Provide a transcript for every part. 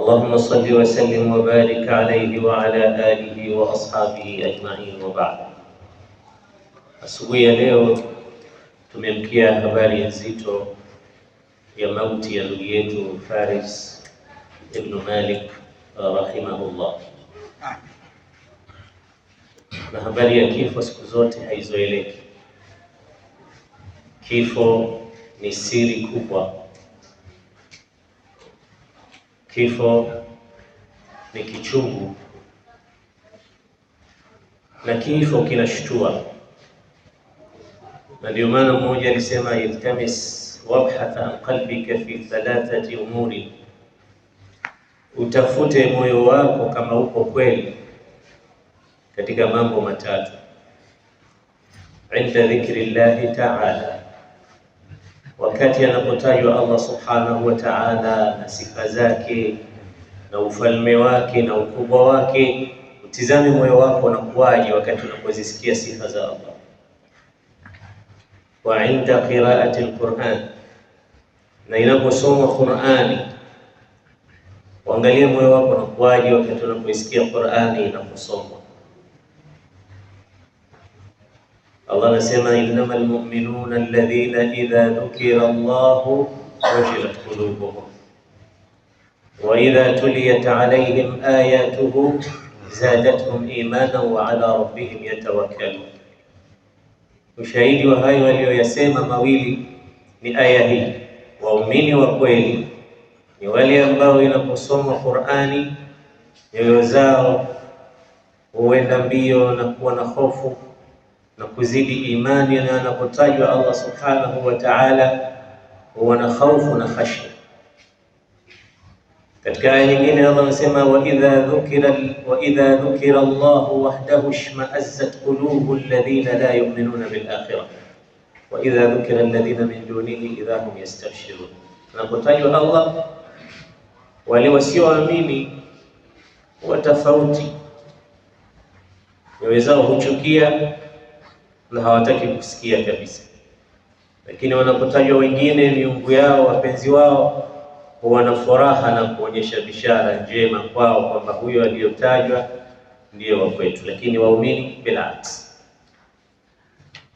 Allahumma salli wa sallim wa barik alayhi wa ala alihi wa ashabihi ajma'in wa ba'd. Asubuhi ya leo tumemkia habari nzito ya mauti ya ndugu yetu Faris ibn Malik rahimahullah, na habari ya kifo siku zote haizoeleki. Kifo ni siri kubwa Kifo ni kichungu na kifo kinashtua, na ndio maana mmoja alisema iltamis wabhatha an qalbika fi thalathati umuri, utafute moyo wako kama uko kweli katika mambo matatu: inda dhikri llahi taala wakati anapotajwa Allah subhanahu wa ta'ala na sifa zake na ufalme wake na ukubwa wake, utizame moyo wako unakuwaje wakati unapozisikia sifa za Allah. Wa inda qiraati alquran, na inaposoma Qurani uangalie moyo wako unakuwaje wakati unapoisikia Qurani inaposoma Allah anasema innama almu'minuna alladhina idha dhukira Allahu wajilat qulubuhum wa idha tuliyat alayhim ayatuhu zadatuhum imana wa ala rabbihim yatawakkalun. Ushahidi wa hayo aliyoyasema mawili ni aya hii. Waumini wa kweli ni wale ambao inaposoma Qur'ani nyoyo zao huenda mbio na kuwa na hofu na kuzidi imani na anapotajwa Allah subhanahu wa ta'ala, huwa na khaufu na khashya. Katika aya nyingine Allah anasema wa idha dhukira wa idha dhukira Allah wahdahu shma'azzat qulubu alladhina la yu'minuna bil akhirah wa idha dhukira alladhina min dunihi idha hum yastabshirun, anapotajwa Allah wale wasioamini wa tofauti, nyoyo zao huchukia na hawataki kusikia kabisa. Lakini wanapotajwa wengine, miungu yao, wapenzi wao, wana furaha na kuonyesha bishara njema kwao kwamba huyo aliyotajwa ndiyo wa kwetu, lakini waumini bila ati.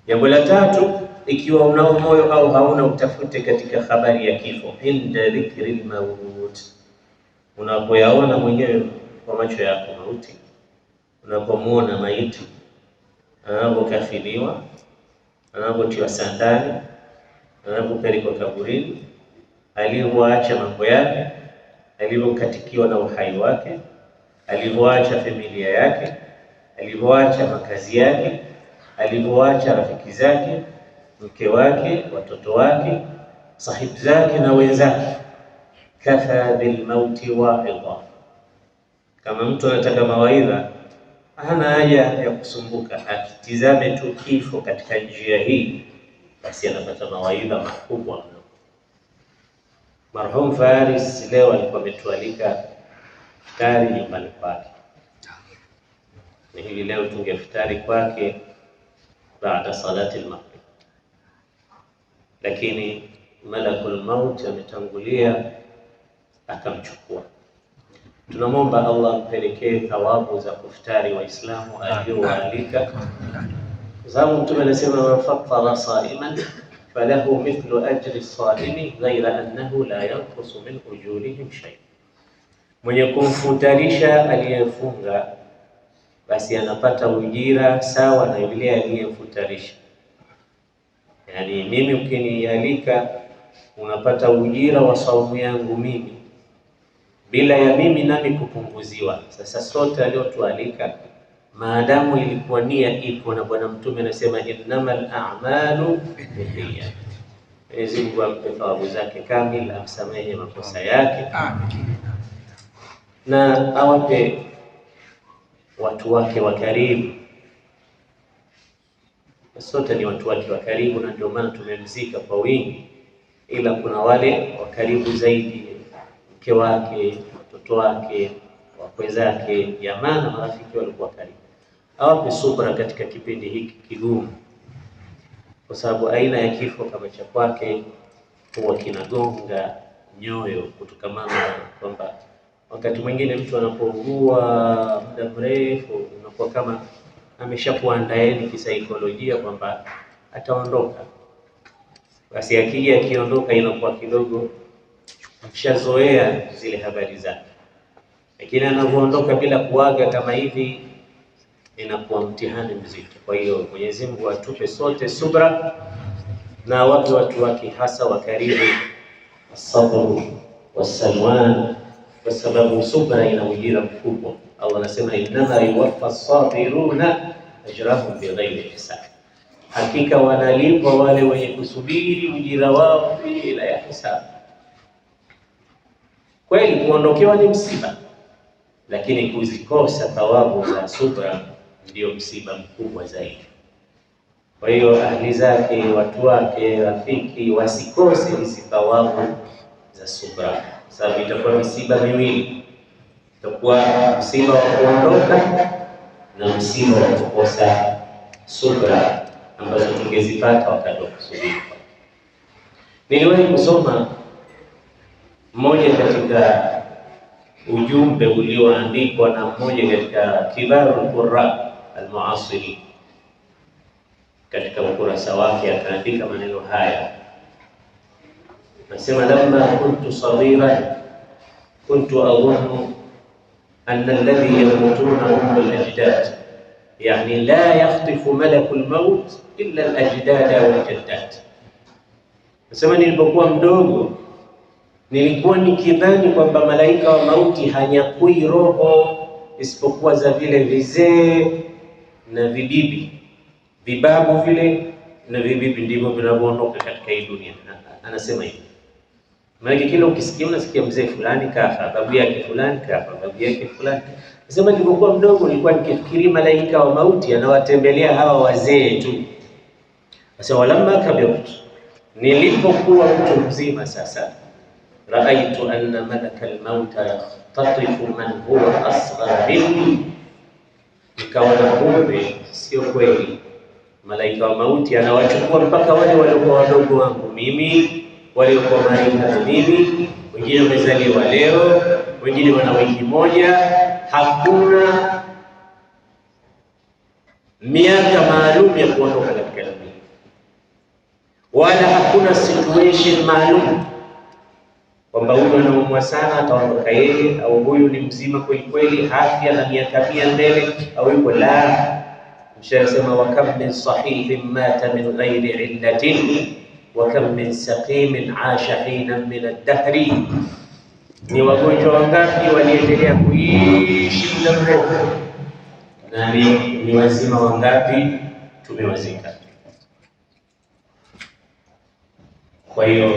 Jambo la tatu, ikiwa unao moyo au hauna, utafute katika habari ya kifo, inda dhikri lmaut, unapoyaona mwenyewe kwa macho yako mauti, unapomuona maiti anapokafiliwa, anapotiwa sandali, anapopelekwa kaburini, alivyoacha mambo yake, alivyokatikiwa na uhai wake, alivyoacha familia yake, alivyoacha makazi yake, alivyoacha rafiki zake, mke wake, watoto wake, sahibu zake na wenzake. Kafa bilmauti waida, kama mtu anataka mawaidha hana haja ya kusumbuka, akitizame tu kifo katika njia hii, basi anapata mawaidha makubwa Marhum Faris leo alikuwa ametualika futari nyumbani kwake, na hivi leo tungefutari kwake baada salati al-maghrib, lakini malakul maut ametangulia akamchukua Tunamwomba Allah ampelekee thawabu za kuftari Waislamu aliyowaalika, kwa sababu Mtume anasema man fattara saiman falahu mithlu ajri saimi ghaira annahu la yanqusu min ujurihim shay, mwenye kumfutarisha aliyefunga basi anapata ujira sawa na yule aliyemfutarisha. Yani mimi ukinialika unapata ujira wa saumu yangu mimi bila ya mimi nami kupunguziwa. Sasa sote aliyotualika, maadamu ilikuwa nia ipo na Bwana Mtume anasema innamal a'malu binniyat. Mwenyezi Mungu ampe thawabu zake kamili, amsamehe makosa yake, na awape watu wake wa karibu. Sote ni watu wake wa karibu, na ndio maana tumemzika kwa wingi, ila kuna wale wa karibu zaidi mke wake, watoto wake, wakwe zake, jamaa na marafiki walikuwa karibu. Awape subra katika kipindi hiki kigumu, kwa sababu aina ya kifo kama cha kwake huwa kinagonga nyoyo kutokamana na kwamba wakati mwingine mtu anapougua muda mrefu, unakuwa kama ameshakuandaeni kisaikolojia kwamba ataondoka. Basi akija akiondoka, inakuwa kidogo mshazoea zile habari zake, lakini anavyoondoka bila kuaga kama hivi inakuwa mtihani mzito. Kwa hiyo Mwenyezi Mungu atupe sote subra na wape watu wake hasa wa karibu asabru wasalwan, kwa sababu subra ina ujira mkubwa. Allah anasema innama yuwaffa sabiruna ajrahum bighairi hisab, hakika wanalipwa wale wenye kusubiri ujira wao bila ya hisabu. Kweli kuondokewa ni msiba, lakini kuzikosa thawabu za subra ndio msiba mkubwa zaidi. Kwa hiyo ahli zake, watu wake, rafiki wasikose hizi thawabu za subra, sababu itakuwa misiba miwili, itakuwa msiba wa kuondoka na msiba wa kukosa subra ambazo tungezipata wakati wa kusubiri. Niliwahi kusoma Moja katika ujumbe ulioandikwa na mmoja katika kibarul qurra almuasiri, katika ukurasa wake akaandika maneno haya, nasema: lamma kuntu sadira kuntu adhunu anna alladhi yamutuna hum alajdad yani la yakhtifu malaku lmaut illa alajdada waljaddat. Nasema nilipokuwa mdogo Nilikuwa nikidhani kwamba malaika wa mauti hanyakui roho isipokuwa za vile vizee na vibibi, vibabu vile na vibibi ndivyo vinavyoondoka katika hii dunia. Anasema hivi, maanake, kila ukisikia unasikia mzee fulani kafa, babu yake fulani kafa, babu yake fulani. Nasema nilipokuwa mdogo nilikuwa nikifikiri malaika wa mauti anawatembelea hawa wazee tu. Sasa walamma kabirt, nilipokuwa mtu mzima sasa raaitu anna malaka lmauta yaktatifu man huwa asghar minni, nikaona kumbe sio kweli, malaika wa mauti anawachukua mpaka wale waliokuwa wadogo wangu mimi, waliokuwa marika na mimi, wengine wamezaliwa leo, wengine wana wiki moja. Hakuna miaka maalum ya kuondoka katika dunia, wala hakuna situation maalum kwamba huyu anaumwa sana ataondoka yeye, au huyu ni mzima kweli kweli, afya na miaka mia mbele, au yuko la mshasema, wa kam min sahihin mata min ghairi illatin wa kam min saqimin asha hina min ad-dahri. Ni wagonjwa wangapi waliendelea kuishi muda mrefu, na ni wazima wangapi tumewazika? Kwa hiyo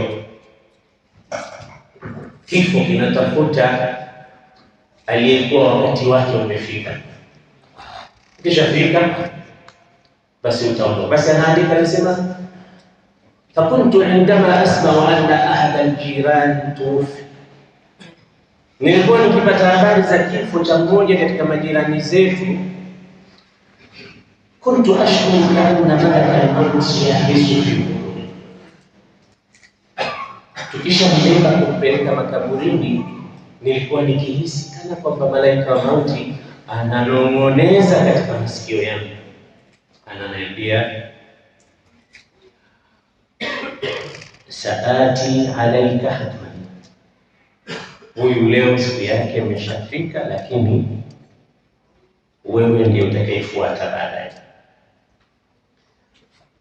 Kifo kinatafuta aliyekuwa wakati wake umefika, ukishafika basi utaondoka. Basi anaandika anasema, fakuntu indama asmau anna ahada aljiran tuwuffi, nilikuwa nikipata habari za kifo cha mmoja katika majirani zetu kuntu ashkuru kaanna malaka almauti yahisu Tukishambeba kumpeleka makaburini, nilikuwa nikihisi kana kwamba malaika wa mauti ananong'oneza katika masikio yangu, ananiambia saati alaika hatman, huyu leo siku yake imeshafika, lakini wewe ndio utakayefuata baadaye.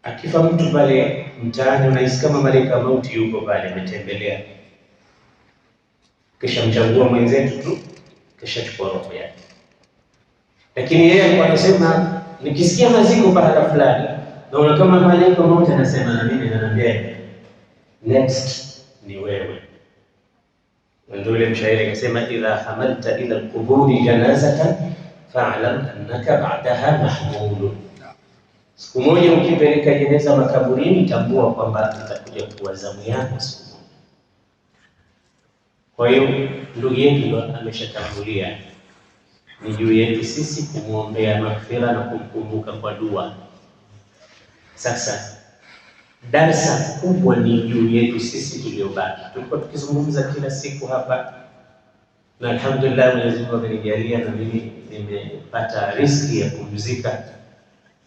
Akifa mtu pale mtaani, unahisi kama malaika mauti yuko pale ametembelea, kisha mchagua mwenzetu tu, kisha chukua roho yake. Lakini yeye alikuwa anasema nikisikia maziko pahala fulani, naona kama malaika mauti anasema na mimi, ananiambia next ni wewe. Ndio ile mshairi akasema, idha hamalta ila alquburi janazatan fa'lam annaka ba'daha mahmulun Siku moja ukipeleka jeneza makaburini, tambua kwamba itakuja kuwa zamu yako siku moja. Kwa hiyo ndugu yetu ameshatangulia, ni juu yetu sisi kumwombea maghfira na kumkumbuka kwa dua. Sasa darsa kubwa ni juu yetu sisi tuliobaki. Tulikuwa tukizungumza kila siku hapa na alhamdulillah, Mwenyezi Mungu amenijalia na mimi nimepata riski ya kumzika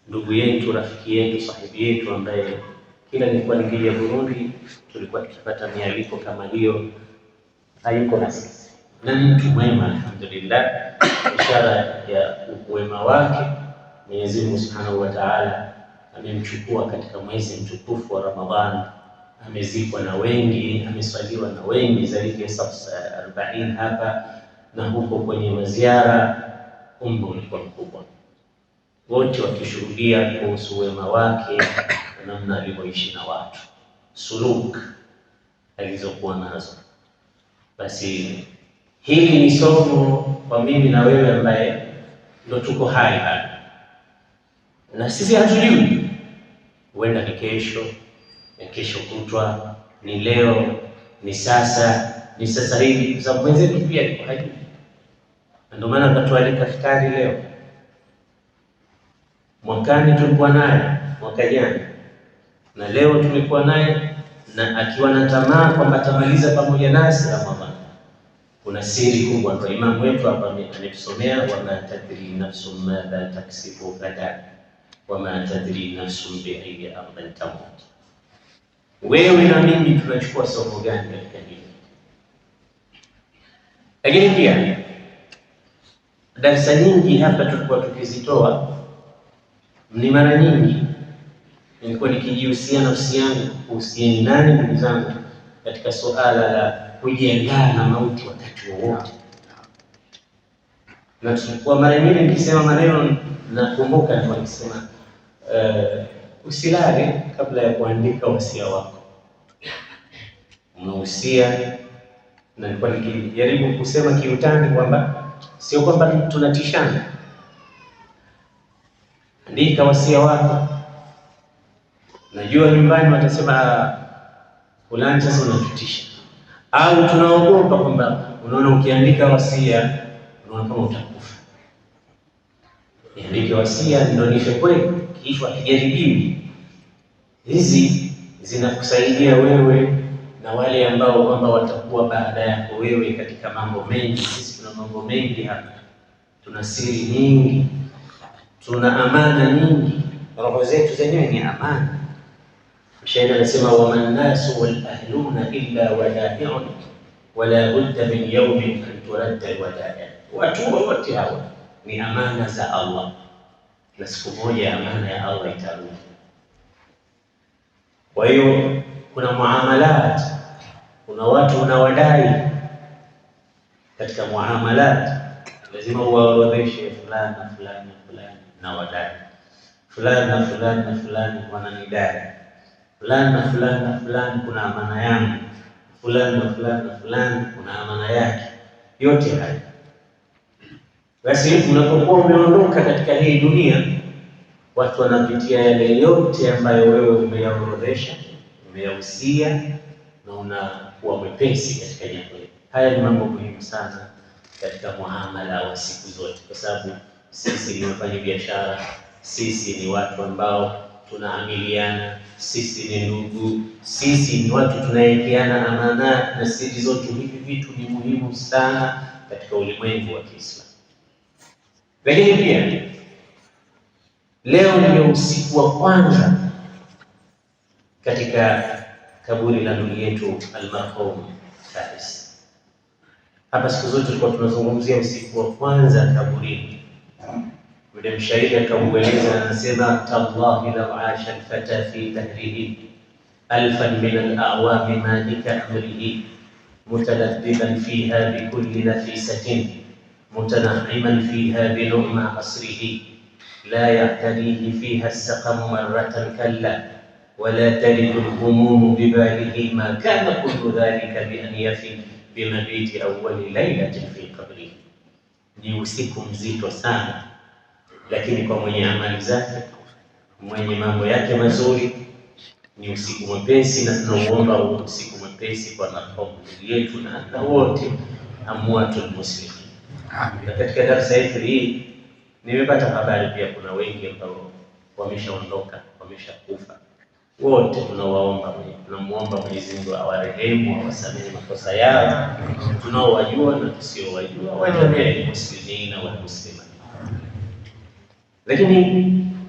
ndugu yetu, rafiki yetu, sahibi yetu ambaye kila nilikuwa nikija Burundi tulikuwa tukipata mialiko kama hiyo, hayuko na sisi, na ni mtu mwema alhamdulillah. Ishara ya uwema wake Mwenyezi Mungu Subhanahu wa Ta'ala, amemchukua katika mwezi mtukufu wa Ramadhani, amezikwa na wengi, ameswaliwa na wengi zaidi ya safu arobaini hapa na huko kwenye maziara, umbo ulikuwa mkubwa wote wakishuhudia kuhusu wema wake na namna alivyoishi na watu, suluk alizokuwa nazo. Basi hili ni somo kwa mimi na wewe ambaye ndo tuko hai hapa, na sisi hatujui, huenda ni kesho, ni kesho kutwa, ni leo, ni sasa, ni sasa hivi, kwa sababu mwenzetu pia alikuwa hajui. Ndio maana akatualika futari leo Mwakani tulikuwa naye mwaka jana, na leo tumekuwa naye, na akiwa na tamaa kwamba atamaliza pamoja nasi Ramadhani. Kuna siri kubwa kwa imamu wetu hapa ametusomea, wama tadri nafsun madha taksibu ghadan wama tadri nafsu bi ayyi ardhin tamut. Wewe na mimi tunachukua somo gani katika hili? Lakini pia darasa nyingi hapa tulikuwa tukizitoa ni mara nyingi nilikuwa nikijihusia nafsi yangu kuhusiana nani, ndugu zangu, katika suala la kujiandaa na mauti wakati wowote, na tulikuwa mara nyingi nikisema maneno, nakumbuka nilikuwa nikisema uh, eh, usilale kabla ya kuandika wasia wako unahusia, na nilikuwa nikijaribu kusema kiutani kwamba sio kwamba tunatishana andika wasia wako. Najua nyumbani watasema ah, fulani, sasa unatutisha, au tunaogopa kwamba unaona ukiandika wasia unaona kama utakufa. Niandike wasia ndionishe kweli, Kifo kijaribiwi. Hizi zinakusaidia wewe na wale ambao kwamba watakuwa baada yako wewe katika mambo mengi. Sisi tuna mambo mengi hapa, tuna siri nyingi tuna amana nyingi, roho zetu zenyewe ni amana. Mshairi anasema wamannasu walahluna illa wadaiun wala budda min yaumin an turadda alwadaa, watu wote hawa ni amana za Allah na siku moja amana ya Allah itarudi. Kwa hiyo kuna muamalat, kuna watu unawadai katika muamalat, lazima uwaorodheshe fulani fulani fulani na wadai, fulani na fulani na fulani wananidai, fulani na fulani na fulani kuna amana yangu, fulani na fulani na fulani kuna amana yake. Yote haya basi, unapokuwa umeondoka katika hii dunia, watu wanapitia yale yote ambayo wewe umeyaorodhesha, umeyahusia na unakuwa mwepesi katika jambo hili. Haya ni mambo muhimu sana katika muamala wa siku zote, kwa sababu sisi ni biashara sisi ni watu ambao tunaamiliana, sisi ni ndugu, sisi ni watu tunayepeana amana na siri zote. Hivi vitu ni muhimu sana katika ulimwengu wa Kiislamu. Lakini pia leo ndio usiku wa kwanza katika kaburi la ndugu yetu almarhum Khamis. Hapa siku zote tulikuwa tunazungumzia usiku wa kwanza kaburini ولمشيخ كوليزا سيدا تالله لو عاش الفتى في دهره ألفا من الأعوام ما بك أمره متلذذا فيها بكل نفيسة متنعما فيها بلؤم عصره لا يعتريه فيها السقم مرة كلا ولا تلد الهموم بباله ما كان كل ذلك بأن يفي بمبيت أول ليلة في قبره ni usiku mzito sana, lakini kwa mwenye amali zake, mwenye mambo yake mazuri, ni usiku mwepesi, na tunauomba huo usiku mwepesi kwa mafaudhi yetu na hata wote amwatul muslimi. Na katika darasa yetu hii nimepata habari pia kuna wengi ambao wameshaondoka, wameshakufa wote tunawaomba, tunamuomba Mwenyezi Mungu awarehemu, awasamehe makosa yao, tunaowajua na tusiowajua, wajalie muslimina wal muslimat. Lakini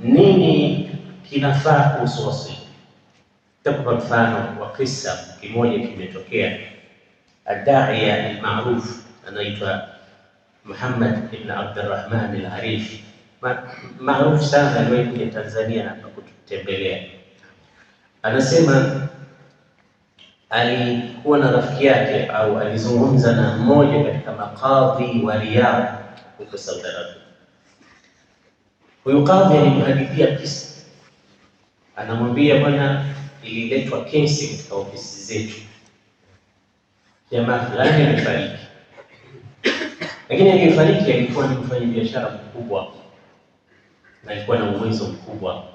nini kinafaa kuhusu wasia? Takupa mfano wa kisa kimoja kimetokea. Adaiya almaruf anaitwa Muhammad ibn Abdurrahman al-Arifi, maarufu sana, aliwahi kuja Tanzania na kututembelea Anasema alikuwa na rafiki yake au alizungumza na mmoja katika makadhi wa Riyadh huko Saudi Arabia. Huyu kadhi alimhadithia kisa, anamwambia bwana, ililetwa kesi katika ofisi zetu, jamaa fulani amefariki, lakini aliyefariki alikuwa ni mfanyabiashara mkubwa na alikuwa na uwezo mkubwa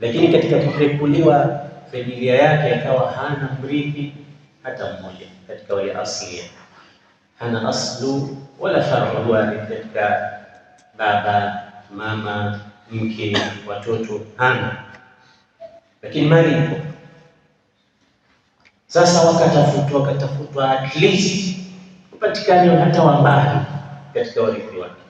lakini katika kupekuliwa familia yake akawa hana mrithi hata mmoja katika wale asili, hana aslu wala faru warithi katika baba, mama, mke, watoto hana, lakini mali ipo. Sasa wakatafutwa wakatafutwa, at least upatikane hata wambali katika warithi wake,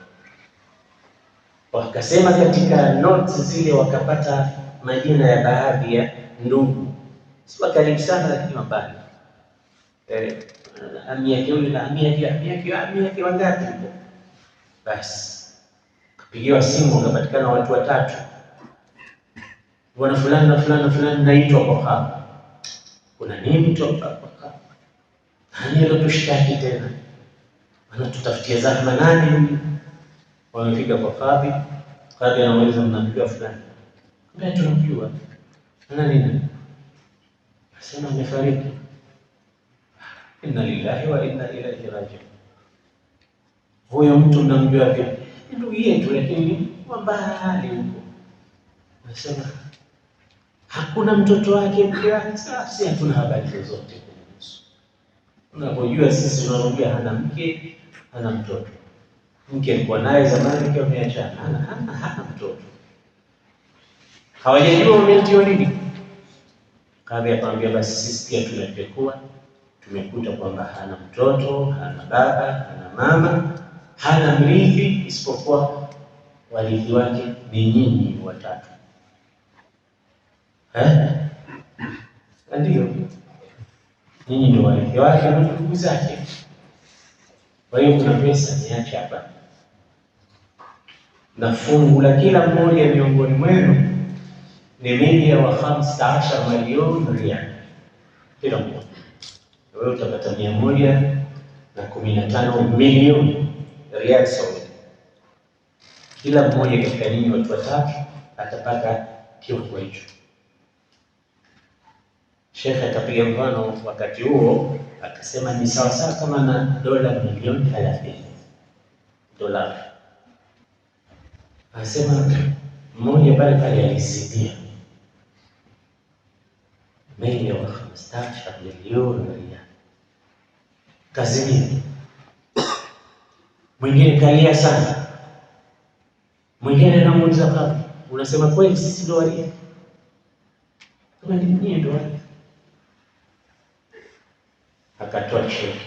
wakasema katika notes zile wakapata majina ya baadhi ya ndugu, si karibu sana, lakini wambali. eh, yake huyu na ami yake, ami yake, ami yake wangapi huko? Basi kapigiwa simu, ukapatikana watu watatu, wana fulani na fulani na fulani, naitwa kwa hapa, kuna nini tu hapa? Nani alotushtaki tena, anatutafutia zahma, nani Wamefika kwa kadhi, kadhi anamuuliza mnaambiwa fulani ambaye tunamjua nani nani, asema amefariki. Inna lillahi wa inna ilaihi rajiun. Huyo mtu namjua vipi? Ndugu yetu, lakini kwa mbali huko, anasema hakuna mtoto wake mke. Sasa hatuna habari zozote kuhusu. Unapojua sisi tunaongea, hana mke, hana mtoto. Mke alikuwa naye zamani, mke ameachana, hana hana mtoto hawajajua wametiwa nini. Kadhi akamwambia basi sisi pia tumepekua, tumekuta kwamba hana mtoto, hana baba, hana mama, hana mrithi, isipokuwa warithi wake ni nyinyi watatu. Eh? Ndio nyinyi ndio warithi wake na ndugu zake. Kwa hiyo kuna pesa niache hapa na fungu la kila mmoja miongoni mwenu ni mia wa hamsa milioni riyal kila mmoja, wewe utapata mia moja na kumi na tano milioni riyal Saudi. Kila mmoja katika nyinyi watu watatu atapata kiwango hicho. Shekhe akapiga mfano wakati huo akasema ni sawasawa kama na dola milioni thelathini dola. Akasema mmoja pale pale alisidia 115 milioni raia kazi nyingi. Mwingine kalia sana, mwingine anamuuliza kama unasema kweli sisi ndo waria? Kama ni nyinyi ndo waria. Akatoa cheki,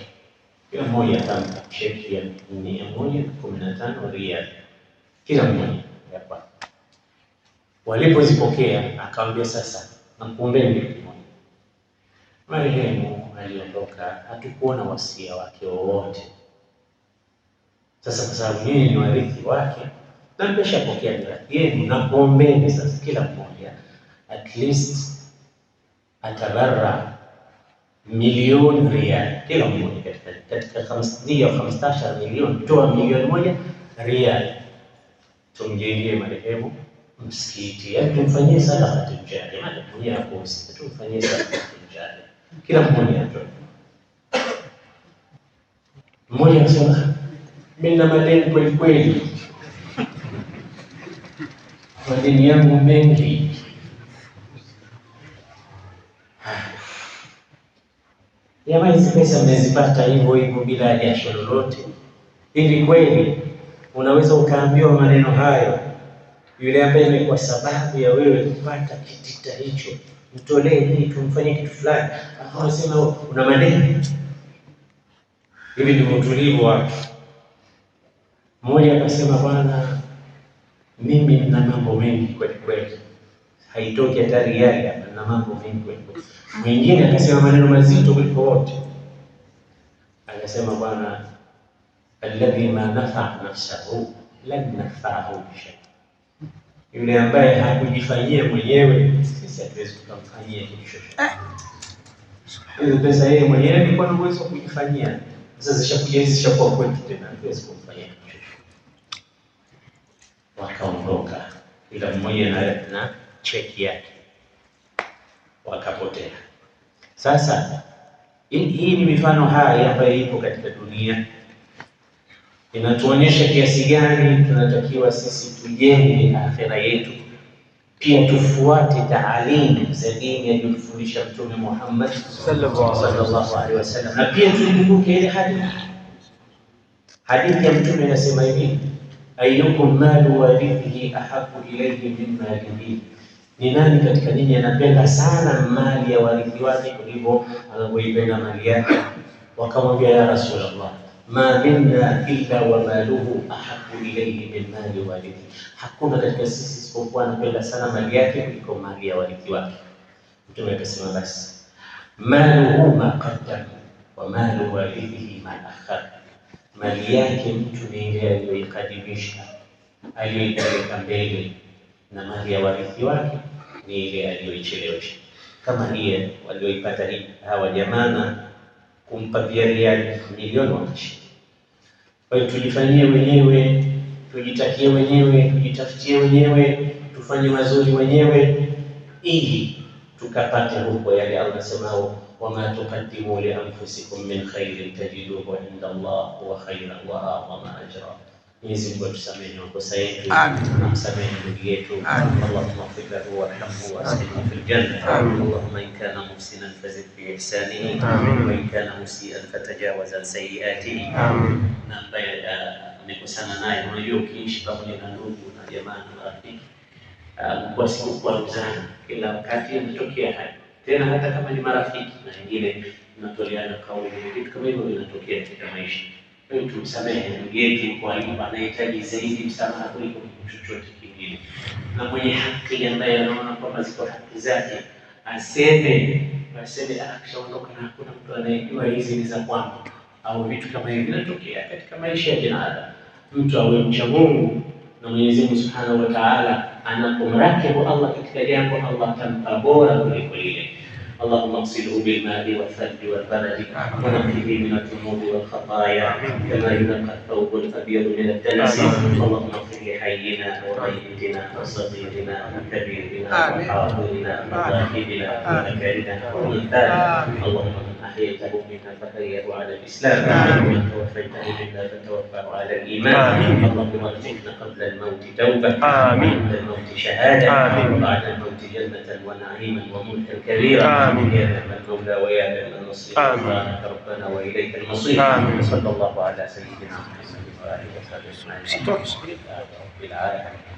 kila mmoja akampa cheki ya mia moja kumi na tano ria, kila mmoja hapa. Walipozipokea akamwambia sasa, nakuombeni kitu kimoja Marehemu aliondoka, hatukuona wasia wake wowote. Sasa kwa sababu yeye ni warithi wake na mmeshapokea mirathi yenu, na kuombeni sasa kila mmoja at least atabara milioni riali kila mmoja katika katika hamsini hamstasha milioni, toa milioni moja riyal, tumjengie marehemu msikiti, yaani tumfanyie sadaka, tumjali, maana hapo, tumfanyie sadaka, tumjali kila mmoja mmoja anasema mimi na madeni kwelikweli kweli, madeni yangu mengi. Jamani, hizi pesa mmezipata hivyo hivyo bila jasho lolote? Hivi kweli unaweza ukaambiwa maneno hayo yule ambaye imekuwa sababu ya wewe kupata kitita hicho? mtolee nini, tumfanyie kitu fulani, unasema una maneno. Hivi ndio utulivu wake. Mmoja akasema, bwana, mimi nina mambo mengi kweli kweli, haitoki hata riali hapa, nina mambo mengi kweli kweli. Mwingine akasema maneno mazito kuliko wote, akasema, bwana, alladhi ma nafaa nafsahu lan nafaahu shay yule ambaye hakujifanyia mwenyewe, sisi hatuwezi tukamfanyia kitu chochote. Hizo eh. pesa yeye mwenyewe ni kwa uwezo wa kujifanyia. Sasa zishakuja hizi, zishakuwa kwetu tena, hatuwezi kumfanyia kitu chochote. Wakaondoka kila mmoja na na cheki yake, wakapotea. Sasa hii ni mifano hai ambayo ipo katika dunia inatuonyesha kiasi gani tunatakiwa sisi tujenge akhera yetu. Pia tufuate taalimu za dini aliyotufundisha Mtume Muhammad sallallahu alaihi wasallam, na pia tuikumbuke ile hadithi. Hadithi ya Mtume inasema hivi, ayyukum malu warithihi ahabu ilayhi min malihi ni nani katika ninyi anapenda sana mali ya warithi wake kuliko anavyoipenda mali yake? Wakamwambia ya Rasulullah ma minna illa wa maluhu ahabu ilayhi min mali walithi, hakuna katika sisi isipokuwa anapenda sana mali yake kuliko mali ya warithi wake. Mtume akasema basi maluhu ma qaddam wa malu warithihi ma akhar, mali yake mtu ni ile aliyoikadimisha aliyoipeleka mbele, na mali ya warithi wake ni ile aliyoichelewesha, kama hiye walioipata hawa jamaa na kumpa pia riali milioni wakishi kwa hiyo tujifanyie wenyewe, tujitakie wenyewe, tujitafutie wenyewe, tufanye mazuri wenyewe, ili tukapate huko yale Allah asemao, wama tuqaddimu li anfusikum min khairin tajiduhu inda Allah huwa khairan wa a'zama ajra Mwenyezi Mungu atusamehe makosa yetu, amsamehe ndugu yetu. Allahumma ighfir lahu warhamhu waskilhu fil janna. Allahumma in kana muhsinan fazid bi ihsanihi wa in kana musian fatajawaz an sayyiatihi. Na ambaye ah, amekosana naye, unajua ukiishi pamoja na ndugu na jamaa na rafiki ah, mkuwa sikukuaruzana, kila wakati inatokea haya tena, hata kama ni marafiki na wengine mnatoleana kauli, vitu kama hivyo vinatokea katika maisha. Hebu tumsamehe ndugu yetu kwa alipo, anahitaji zaidi msamaha kuliko chochote kingine, na mwenye haki ambaye anaona kwamba ziko haki zake aseme, aseme akishaondoka na hakuna mtu anayejua hizi ni za kwangu, au vitu kama hivi vinatokea katika maisha ya binadamu. Mtu awe mcha Mungu na Mwenyezi Mungu Subhanahu wa Ta'ala, anapomrakibu Allah katika jambo, Allah atampa bora kuliko lile اللهم اغسله بالماء والثلج والبرد ونقيه من الذنوب والخطايا كما ينقى الثوب الابيض من الدنس اللهم اغفر لحينا وميتنا وصغيرنا وكبيرنا وحاضرنا وذاهبنا وذكرنا وانثانا اللهم أحييته منا فحيه على الإسلام ومن توفيته منا فتوفاه على الإيمان اللهم ارزقنا قبل الموت توبة آمين قبل الموت شهادة آمين وبعد الموت جنة ونعيما وملكا كبيرا آمين يا نعم المولى ويا نعم النصير آمين ربنا وإليك المصير آمين صلى الله على سيدنا محمد وآله وصحبه أجمعين الحمد لله رب العالمين